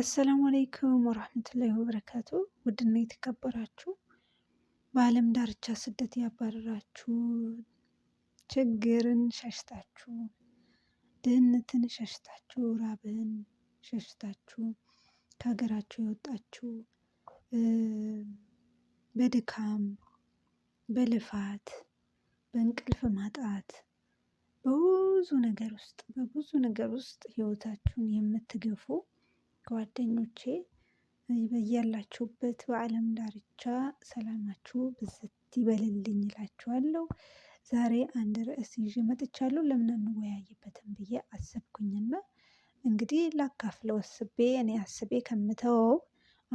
አሰላሙ አለይኩም ወራህመቱላሂ ወበረካቱ። ውድና የተከበራችሁ በዓለም ዳርቻ ስደት ያባረራችሁ ችግርን ሸሽታችሁ ድህነትን ሸሽታችሁ ራብን ሸሽታችሁ ከሀገራችሁ የወጣችሁ በድካም በልፋት በእንቅልፍ ማጣት በብዙ ነገር ውስጥ በብዙ ነገር ውስጥ ህይወታችሁን የምትገፉ ጓደኞቼ በያላችሁበት በአለም ዳርቻ ሰላማችሁ ብዝት ይበልልኝ እላችኋለሁ። ዛሬ አንድ ርዕስ ይዤ መጥቻለሁ ለምን አንወያይበትም ብዬ አሰብኩኝና እንግዲህ ላካፍለው አስቤ እኔ አስቤ ከምተወው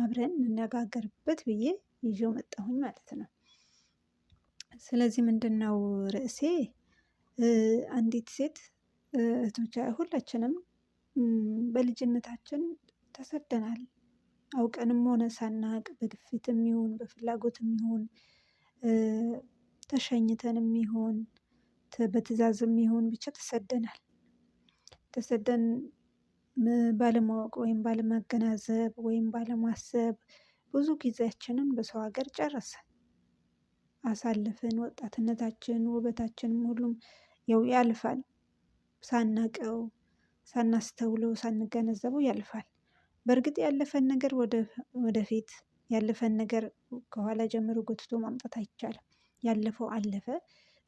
አብረን እንነጋገርበት ብዬ ይዤው መጣሁኝ ማለት ነው። ስለዚህ ምንድነው ርዕሴ? አንዲት ሴት እህቶቻ ሁላችንም በልጅነታችን ተሰደናል። አውቀንም ሆነ ሳናቅ በግፊትም ይሁን በፍላጎትም ይሁን ተሸኝተንም ይሁን በትዕዛዝም ይሁን ብቻ ተሰደናል። ተሰደን ባለማወቅ ወይም ባለማገናዘብ ወይም ባለማሰብ ብዙ ጊዜያችንን በሰው ሀገር ጨረሰን አሳልፈን ወጣትነታችን፣ ውበታችንም ሁሉም ያው ያልፋል። ሳናቀው ሳናስተውለው ሳንገነዘበው ያልፋል። በእርግጥ ያለፈን ነገር ወደፊት ያለፈን ነገር ከኋላ ጀምሮ ጎትቶ ማምጣት አይቻልም። ያለፈው አለፈ።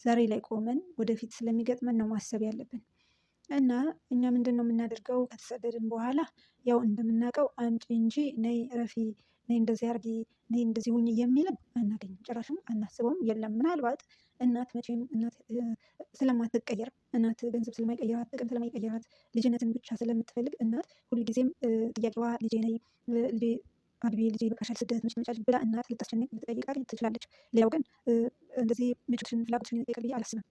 ዛሬ ላይ ቆመን ወደፊት ስለሚገጥመን ነው ማሰብ ያለብን። እና እኛ ምንድን ነው የምናደርገው? ከተሰደድን በኋላ ያው እንደምናውቀው አምጪ እንጂ ነይ እረፊ፣ ነይ እንደዚህ አርጊ ነይ እንደዚህ ሁኝ የሚልም አናገኝም። ጭራሽም አናስበውም የለም ምናልባት እናት መቼም እናት ስለማትቀየር እናት ገንዘብ ስለማይቀይራት ጥቅም ስለማይቀይራት ልጅነትን ብቻ ስለምትፈልግ እናት ሁልጊዜም ጥያቄዋ ልጄ ነይ ልጄ አግቢ ልጄ ይበቃሻል፣ ስደት መች መጫጭ ብላ እናት ልታስጨንቅ ልትጠይቃል ትችላለች። ሌላው ግን እንደዚህ ምቾትሽን ፍላጎትሽን ይጠይቃል ብዬ አላስብም።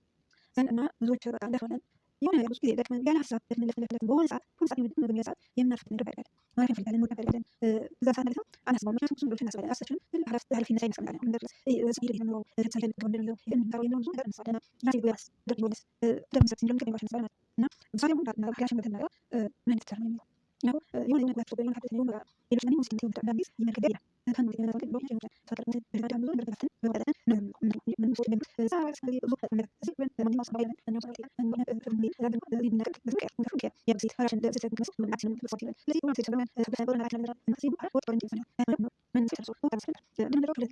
ዘንድ እና ብዙዎች በጣም ደፋለን يعني غير مشكل اذا كان كاع حساب من ثلاث بون ساعات كل ساعه يمد من ساعات يمنا في ربع العالم ما في العالم ولا العالم بزاف انا انا صبر مش نقول في الناس بعد اساسا عرفت تعرف الناس نسمع انا ندير سير هنا نروح رساله كمان لو ان دار ينوز دار نص انا ناس يقول درت بونس درت مسكين لهم كان باش نسمع انا بصراحه ما كاش مثلا ما نفتر يعني يوم يوم إلى شمال مسكين تيوم تعبان بيس يوم كده كان مسكين أنا وكده بروح يوم فكر مسكين برجع تعمل لون برجع سن برجع نعم من من مسكين بنت ساعة سكري زوجة أمير زوجة من ما صار بين أن يوصل كده أن بنا في المدير هذا من الذي منك ذكر ذكر يا بسيط هذا عشان بسيط نص من على كلام الناس يبغى من سير رسول الله صلى الله من الرجل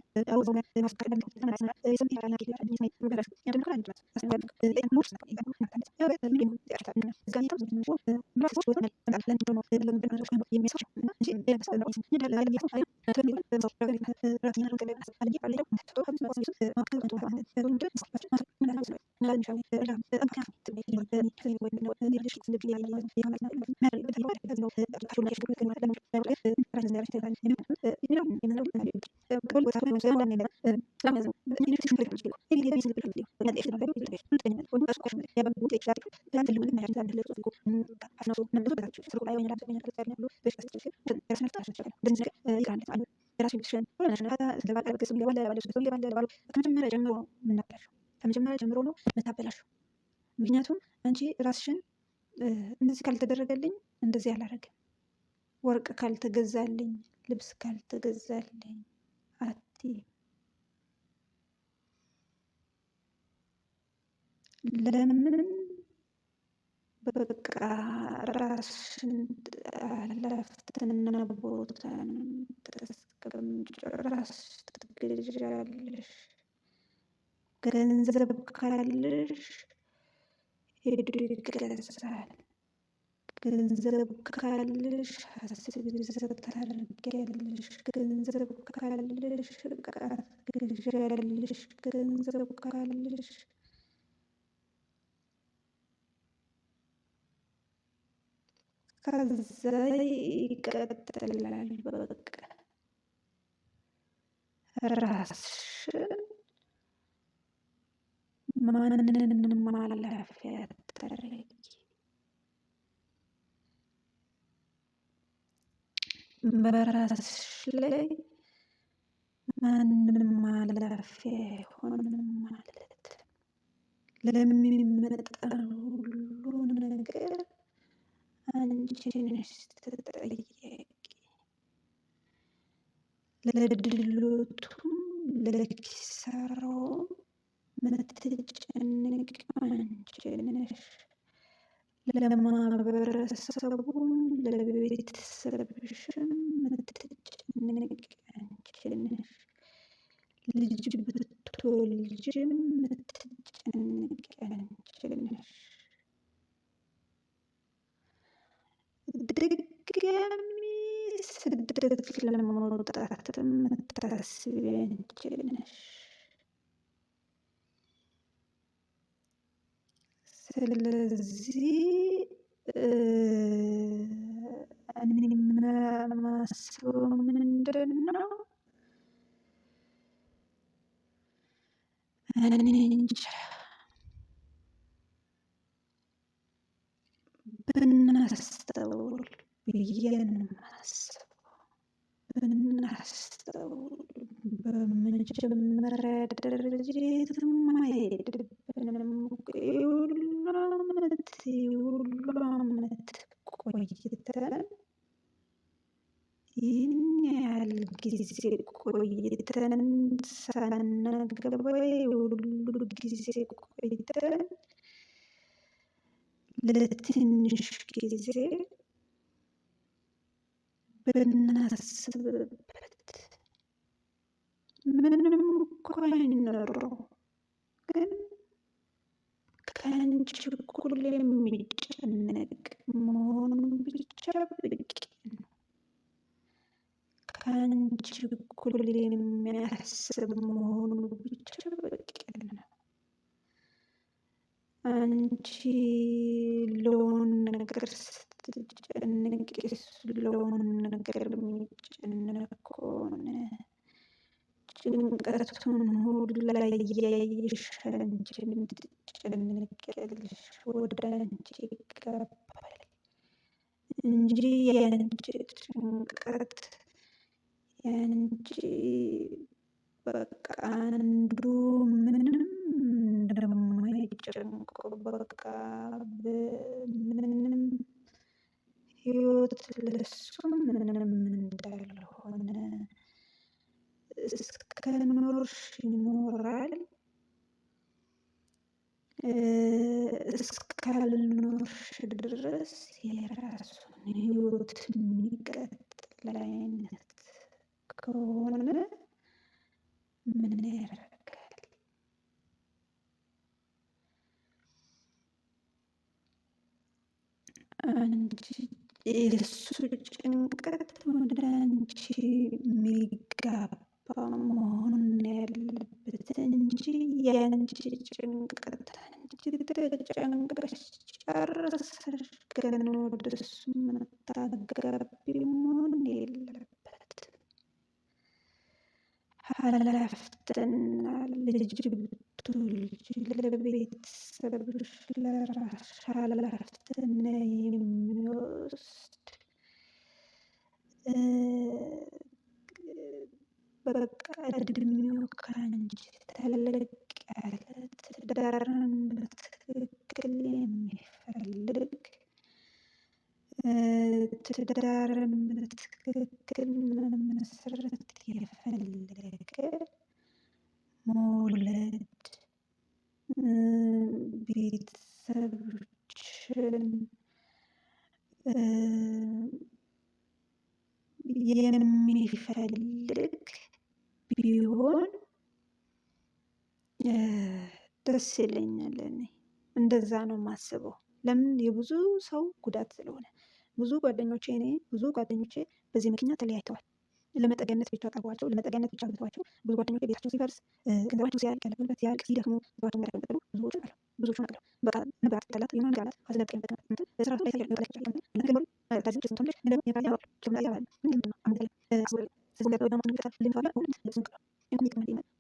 أن يكون أنا أسمع يسمي على كل أحد يسمي مبارك يعني من قرآن جماعة أسمع بك لأن مرسنا إذا كنا نتحدث يا بيت من يوم أشتاء من زكاة تمز من شو ما فوش ولا من على لن جنو لن بنا نشوف يمي صح شيء بين بس أنا أسمع يدل على يسمع على تمي بنصر رجل راتينا لو كنا نسمع على جيب على يوم تروح بس ما ከመጀመሪያ ጀምሮ ነው የምታበላሽው። ምክንያቱም አንቺ ራስሽን እንደዚህ ካልተደረገልኝ እንደዚህ አላደረግም፣ ወርቅ ካልተገዛልኝ ልብስ ካልተገዛልኝ አቲ ለምን በቃ ራስሽን አላፍትና ቦታን ተስቀምጭ፣ ራስሽ ትገዣለሽ። ገንዘብ ካለሽ ሄዱ ይገዛል። ገንዘብ ካለሽ ሀሳብ ግዛት ታደርጊያለሽ። ገንዘብ ካለሽ እቃት ግዣለሽ። ገንዘብ ካለሽ ከዛ ይቀጥላል። በቃ ራስሽን ማንንም ማላለፊያ ታደርጊ በራስሽ ላይ ማንም አይሆንም ማለት ለሚመጣው ሁሉ ነገር አንቺ ነሽ ተጠያቂ። ለድሎቱም ለኪሳራውም አንቺ ነሽ። ለማህበረሰቡም ለቤተሰብሽም ምትጨነቅ አንቺ ነሽ። ልጅ ብትወልጂም ምትጨነቅ አንቺ ነሽ። ድጋሚ ስደት ለመውጣት ምታስቢ አንቺ ነሽ። ስለዚህ እኔ የማስበው ምንድን ነው? እኔ እንጃ ብናስተውል ብዬ ነው የማስበው። ብናስተውል በመጀመሪያ ደረጃ የትም አይሄድብንም። ሳምንት የሁሉ ዓመት ቆይተን ይህን ያህል ጊዜ ቆይተን ሳናገባ የሁሉ ጊዜ ቆይተን ለትንሽ ጊዜ ብናስብበት ምንም እኮ አይኖረው ግን ከአንቺ ሁሌም የሚጨነቅ መሆኑን ብቻ በቂ ነው። ከአንቺ እኩል የሚያስብ መሆኑን ብቻ በቂ ነው። አንቺ ለሆነ ነገር ስትጨነቅ፣ እሱ ለሆነ ነገር የሚጨነቅ ከሆነ ጭንቀቱን ሁሉ ላይ እያየሽ አንቺ እንድትጨነቅልሽ ወደ አንቺ ይገባል እንጂ የአንቺ ጭንቀት የአንቺ በቃ አንዱ ምንም እንደማይጨንቁ በቃ ምንም ህይወት ለሱ ምንም እንዳልሆነ እስከኖርሽ ይኖራል፣ እስካልኖርሽ ድረስ የራሱን ህይወት የሚቀጥል አይነት ከሆነ ምን ያደርጋል? አንቺ ጭንቀት ወደ አንቺ የሚጋባ መሆኑን ያለበት ለቤተሰብሽ ለራስሽ ሀላፍትና የሚወስድ በቃ እድሜው ከአንቺ ተለቅ ያለ ትዳርን በትክክል የሚፈልግ ትዳርን ደስ ይለኛል። እኔ እንደዛ ነው የማስበው። ለምን የብዙ ሰው ጉዳት ስለሆነ ብዙ ጓደኞቼ እኔ ብዙ ጓደኞቼ በዚህ ምክንያት ተለያይተዋል። ለመጠገነት ብቻ ቀርቧቸው ለመጠገነት ብቻ አግብተዋቸው ብዙ ጓደኞቼ ቤታቸው ሲፈርስ ገንዘባቸው ሲያልቅ ያለበት ያልቅ ሲደክሙ ገንዘባቸው ያለቀበሉ ብዙዎችን አለ ብዙዎችን አለ በቃ ንብራት ጠላት የሆነ ቃላት ሀዘነ ጠቀምበት ስራሱ ላይ ታያ ጠላት ይችላል ነገሩ ታዚ ጭስ ንቶች ነገሩ የባለ ያባሉ ችምላ ያባሉ ምን ምንድነው አምገለ ስጉ ደግሞ ልንፋለ ሁለት ልንቅለ እንኳን ይቅመ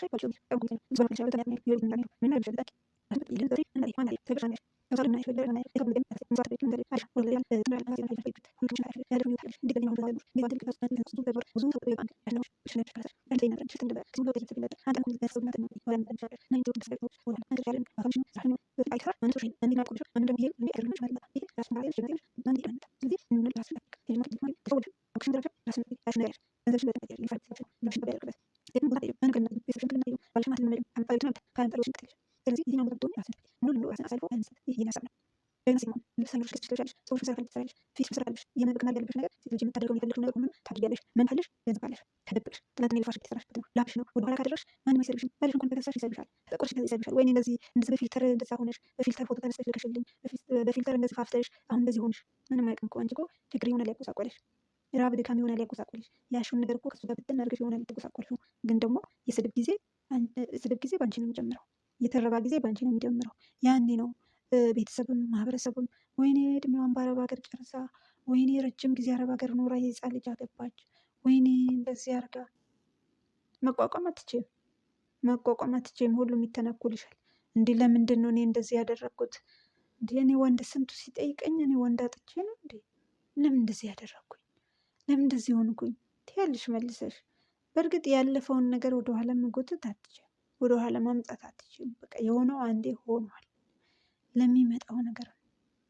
شيء والشغل أو مثلا زبون الشغل تاني يريد من من نعرف شغلك هتبقى أنا علي تبقى شان يصل لنا في البلد أنا يقبل من مزارع من ذري عاش ولا على هذه الحاجة كل شيء عارف هذا من يحب دي اليوم الغالب دي بعد الكلام أنا أصدق دبر وزوج طبيب عنك إحنا مش نعرف هذا أنت نعرف شفت نبأ تقول له تجيب نبأ هذا أكون الناس صدمنا تنوي ولا نعرف نين جود بسبب ولا أنت شعر ما خمش የስክሽምግልና የባልሽማት ልምምድ ዓመታዊ ትምህርት እንደዚህ ፎቶ ተነስተሽ ልከሽልኝ ፋፍተሽ አሁን እንደዚህ ሆንሽ ምንም አያውቅም እኮ አንቺ እኮ ችግር የሆነ ላይ ራብ ድካም ይሆናል ያጎሳቆልሽ። ያሽውን ነገር እኮ ከሱ ጋር ብትን አድርገሽ ይሆናል የተጎሳቆልሽው። ግን ደግሞ የስድብ ጊዜ ስድብ ጊዜ በአንቺ ነው የሚጨምረው። የተረባ ጊዜ በአንቺ ነው የሚጨምረው። ያኔ ነው ቤተሰብም ማህበረሰቡም ወይኔ እድሜዋን በአረብ ሀገር ጨርሳ፣ ወይኔ ረጅም ጊዜ አረብ ሀገር ኖራ የህፃን ልጅ አገባች፣ ወይኔ እንደዚህ አርጋ መቋቋም አትችም፣ መቋቋም አትችም። ሁሉም ይተነኩልሻል። እንዲህ ለምንድን ነው እኔ እንደዚህ ያደረግኩት? እንዲህ እኔ ወንድ ስንቱ ሲጠይቀኝ እኔ ወንድ አጥቼ ነው እንዴ? ለምን እንደዚህ ያደረግኩኝ ለምን እንደዚህ ሆንኩኝ ትያለሽ መልሰሽ። በእርግጥ ያለፈውን ነገር ወደኋላ መጎተት አትችልም፣ ወደኋላ ማምጣት አትችልም። በቃ የሆነው አንዴ ሆኗል። ለሚመጣው ነገር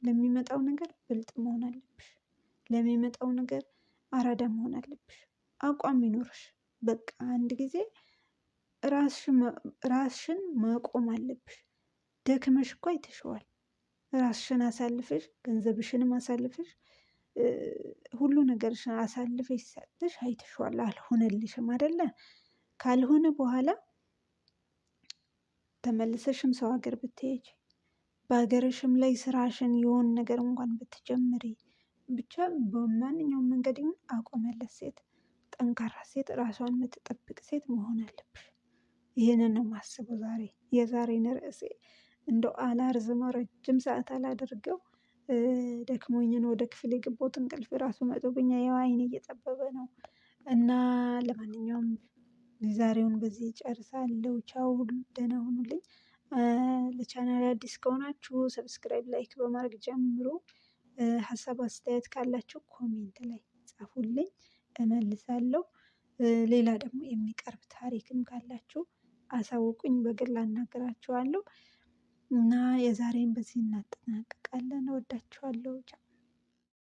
ለሚመጣው ነገር ብልጥ መሆን አለብሽ። ለሚመጣው ነገር አራዳ መሆን አለብሽ። አቋም ይኖርሽ። በቃ አንድ ጊዜ ራስሽን ማቆም አለብሽ። ደክመሽ እኮ አይተሸዋል። ራስሽን አሳልፍሽ ገንዘብሽንም አሳልፍሽ ሁሉ ነገርሽን አሳልፈሽ ሰጥተሽ አይተሽዋል። አልሆነልሽም አይደለ? ካልሆነ በኋላ ተመልሰሽም ሰው ሀገር ብትሄጅ በሀገርሽም ላይ ስራሽን የሆን ነገር እንኳን ብትጀምሪ ብቻ በማንኛውም መንገድ ይሁን አቆመለት ሴት ጠንካራ ሴት ራሷን የምትጠብቅ ሴት መሆን አለብሽ። ይህንን ነው የማስበው ዛሬ የዛሬን ርዕሴ እንደው አላርዝመው ረጅም ሰዓት አላደርገው ደክሞኝ ነው ወደ ክፍል የገባሁት እንቅልፍ ራሱ መጦብኛል ያው አይኔ እየጠበበ ነው። እና ለማንኛውም የዛሬውን በዚህ እጨርሳለሁ ቻው ደህና ሁኑልኝ። ለቻናል አዲስ ከሆናችሁ ሰብስክራይብ ላይክ በማድረግ ጀምሩ። ሀሳብ አስተያየት ካላችሁ ኮሜንት ላይ ጻፉልኝ እመልሳለሁ። ሌላ ደግሞ የሚቀርብ ታሪክም ካላችሁ አሳውቁኝ በግል አናገራችኋለሁ። እና የዛሬን በዚህ እናጠናቅቃለን። እወዳችኋለሁ።